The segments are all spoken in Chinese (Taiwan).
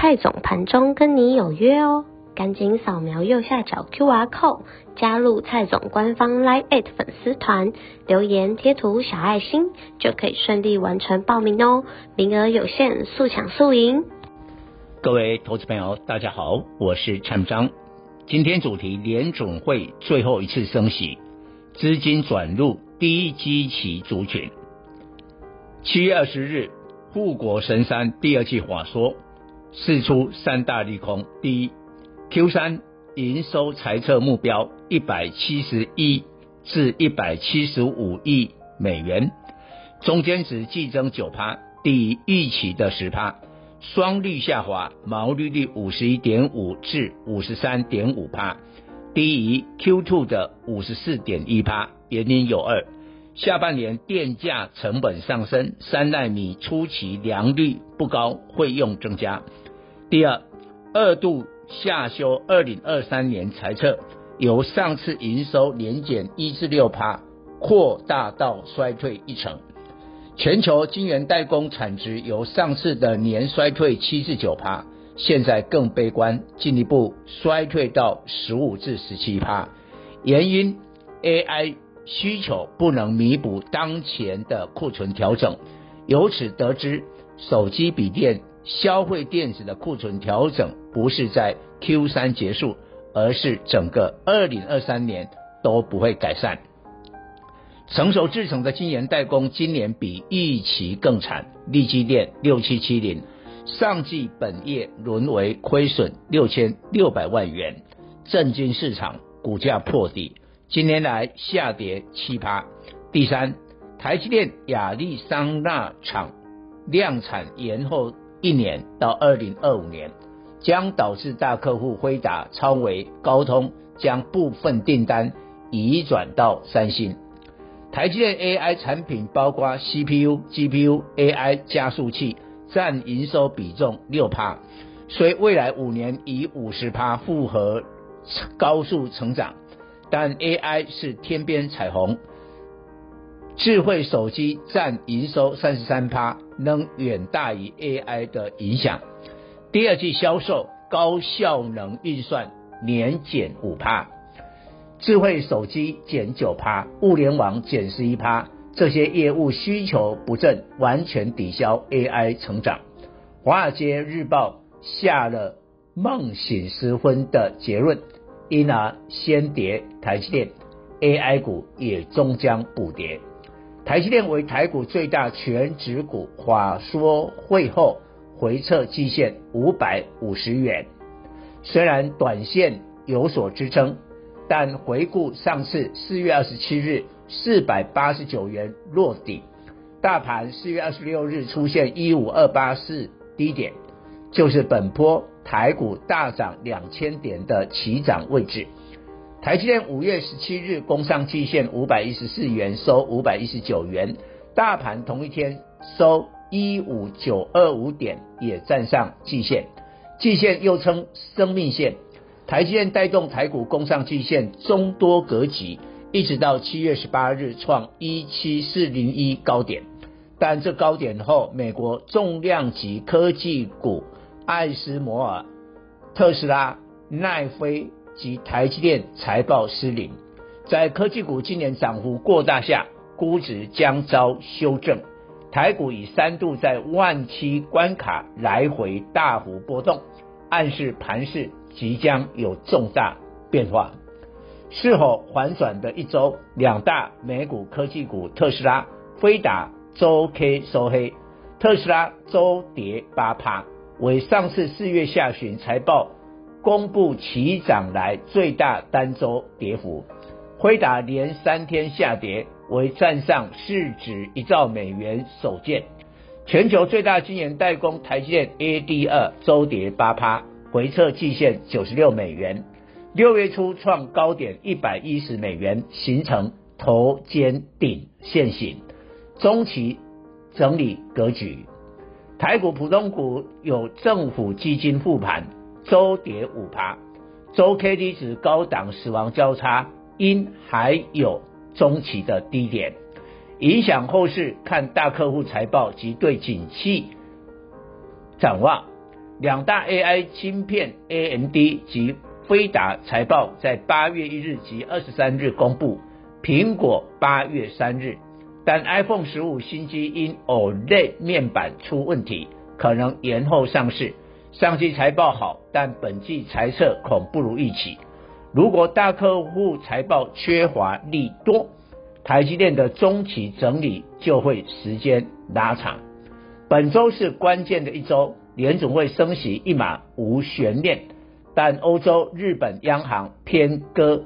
蔡總盤中跟你有約哦，趕緊掃描右下角 QR code 加入蔡總官方 LINE@ 粉絲團，留言貼圖小愛心就可以順利完成報名哦，名額有限，速搶速贏。各位投資朋友，大家好，我是蔡彰，今天主題聯準會最後一次升息，資金轉入低基期族群。七月二十日，護國神山第二季法說。釋出三大利空：第一，q 三營收財測目標一百七十一至一百七十五億美元，中間值季增九趴，低於預期的十趴；雙率下滑，毛利率五十一點五至五十三點五趴，低於 q two 的五十四點一趴。原因有二：下半年電價成本上升，三納米初期良率不高，費用增加。第二，二度下修二零二三年財測，由上次營收年減一至六趴，擴大到衰退一成。全球晶圓代工產值由上次的年衰退七至九趴，現在更悲觀，進一步衰退到十五至十七趴。原因 AI 需求不能彌補當前的庫存調整。由此得知，手機、筆電。消費電子的庫存調整不是在 Q 三結束，而是整個二零二三年都不會改善。成熟製程的晶圓代工今年比預期更慘，力積電六七七零上季本業淪為虧損六千六百萬元，震驚市場股價破底，今年來下跌七趴。第三，台積電亞利桑那廠量產延後。一年到二零二五年，將導致大客戶輝達、超微、高通將部分訂單移轉到三星。台積電 AI 產品包括 CPU、GPU、AI 加速器，占營收比重六趴，所以未來五年以五十趴複合高速成長。但 AI 是天邊彩虹。智慧手機佔營收三十三趴，仍遠大於 AI 的影響。第二季銷售高效能運算年減五趴，智慧手機減九趴，物聯網減十一趴，這些業務需求不振，完全抵消 AI 成長。華爾街日報下了夢醒時分的結論，因而先跌台積電，AI 股也終將補跌。台積電為台股最大權值股，話說會後回撤季線，五百五十元。雖然短線有所支撐，但回顧上次四月二十七日四百八十九元落底，大盤四月二十六日出現一五二八四低點，就是本波台股大漲兩千點的起漲位置。台積電五月十七日攻上季線五百一十四元，收五百一十九元。大盤同一天收一五九二五點，也站上季線。季線又稱生命線，台積電帶動台股攻上季線，中多格局，一直到七月十八日創一七四零一高點。但這高點後，美國重量級科技股愛斯摩爾、特斯拉、奈飛。及台積電財報失靈，在科技股今年漲幅過大下，估值將遭修正。台股已三度在萬七關卡來回大幅波動，暗示盤勢即將有重大變化。是否反轉的一周，兩大美股科技股特斯拉、輝達周 K 收黑，特斯拉周跌八趴，為上次四月下旬財報。公布起漲來最大單周跌幅，輝達連三天下跌，為站上市值一兆美元首見。全球最大晶圓代工台積電 A D 二周跌八趴，回測季線九十六美元，六月初創高點一百一十美元，形成頭肩頂線型，中期整理格局。台股普通股有政府基金護盤，周跌五趴，周 KD 值高檔死亡交叉，因還有中期的低點，影響後市。看大客戶財報及對景氣展望。兩大 AI 芯片 AMD 及飛達財報在八月一日及二十三日公布，蘋果八月三日，但 iPhone 十五新機因 OLED 面板出問題，可能延後上市。上季財報好，但本季財測恐不如預期。如果大客戶財報缺乏利多，台積電的中期整理就會時間拉長。本週是關鍵的一週，聯準會升息一碼無懸念，但歐洲、日本央行偏鴿，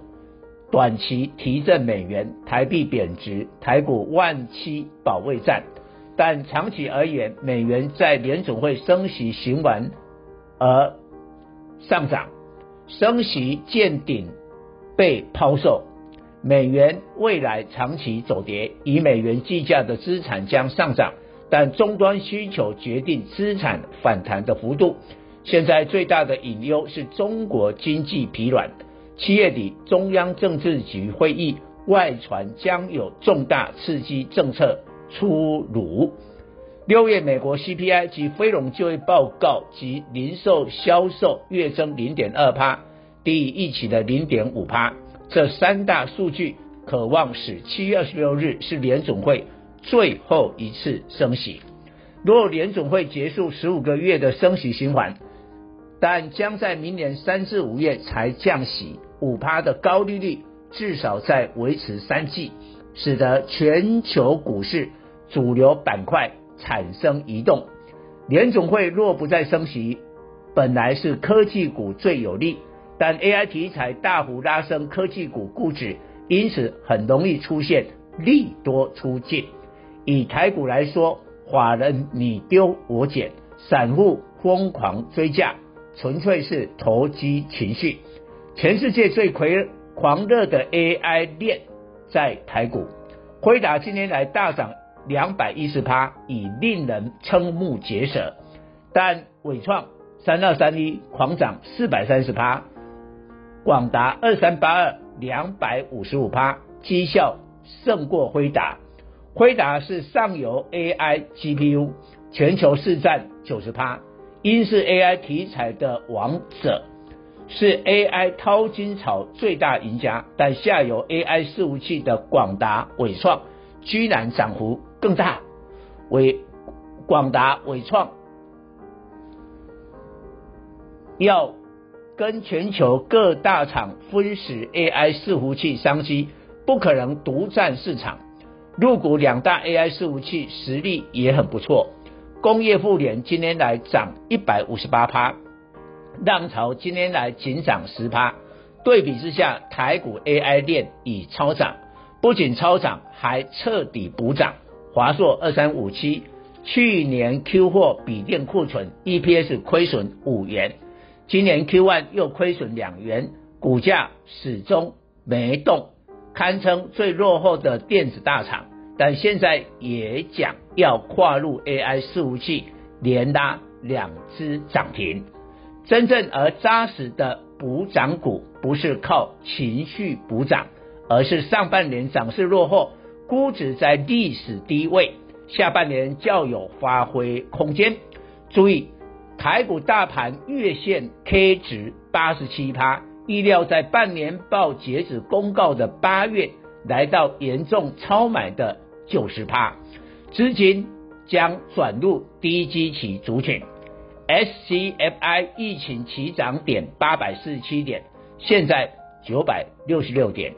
短期提振美元，台幣貶值，台股萬七保衛戰。但長期而言，美元在聯準會升息循環而上漲，升息，見頂被拋售，美元未來長期走跌，以美元計價的資產將上漲，但終端需求決定資產反彈的幅度。現在最大的隱憂是中國經濟疲軟。七月底中央政治局會議外傳將有重大刺激政策出爐。六月美國 CPI 及非農就業報告及零售銷售月增零點二趴，低於預期的零點五趴。這三大數據可望是七月二十六日是聯準會最後一次升息。若聯準會結束十五個月的升息循環，但將在明年三至五月才降息五趴的高利率至少再維持三季，使得全球股市主流板塊。產生移動，聯準會若不再升息，本來是科技股最有利，但 A I 題材大幅拉升科技股估值，因此很容易出現利多出盡。以台股來說，法人你丟我撿，散戶瘋狂追價，純粹是投機情緒。全世界最狂狂熱的 A I 鏈在台股，輝達今天來大漲。兩百一十趴已令人瞠目結舌，但偉創三二三一狂漲四百三十趴，廣達二三八二兩百五十五趴，績效勝過輝達。輝達是上游 AI GPU 全球市占九十趴，因是 AI 題材的王者，是 AI 淘金潮最大贏家。但下游 AI 伺服器的廣達、偉創居然漲幅。更大，為廣達、緯創要跟全球各大廠分食 AI 伺服器商機，不可能獨占市場。入股兩大 AI 伺服器實力也很不錯。工業富聯今年來漲一百五十八趴，浪潮今年來僅漲十趴。對比之下，台股 AI 鏈已超漲，不僅超漲，還徹底補漲。華碩二三五七，去年 Q 貨筆電庫存，EPS 虧損五元，今年 Q1 又虧損兩元，股價始終沒動，堪稱最落後的電子大廠，但現在也講要跨入 AI 伺服器，連拉兩支漲停，真正而扎實的補漲股，不是靠情緒補漲，而是上半年漲勢落後。估值在歷史低位，下半年較有發揮空間。注意，台股大盤月線 K 值八十七趴，預料在半年報截止公告的八月來到嚴重超買的九十趴，資金將轉入低基期族群。SCFI 疫情起漲點八百四十七點，現在九百六十六點。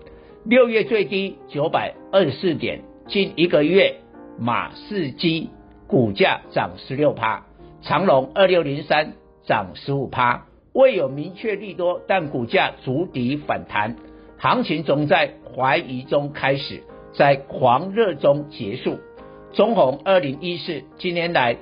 六月最低九百二十四點，近一個月馬士基股價漲十六趴，長榮二六零三漲十五趴，未有明確利多，但股價築底反彈。行情總在懷疑中開始，在狂熱中結束。中鴻二零一四，今年來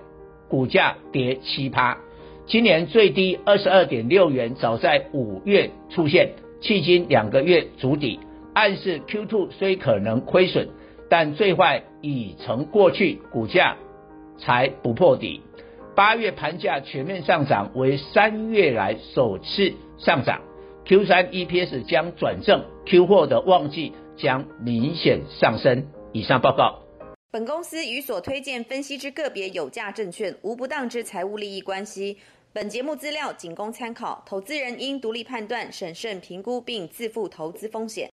股價跌七趴。今年最低二十二點六元，早在五月出現，迄今兩個月築底。暗示 Q2 雖可能虧損，但最壞已成過去，股價才不破底。八月盤價全面上漲，為三月來首次上漲。Q3 EPS 將轉正，Q4 的旺季將明顯上升。以上報告。本公司與所推薦分析之個別有價證券無不當之財務利益關係。本節目資料僅供參考，投資人應獨立判斷、審慎評估並自負投資風險。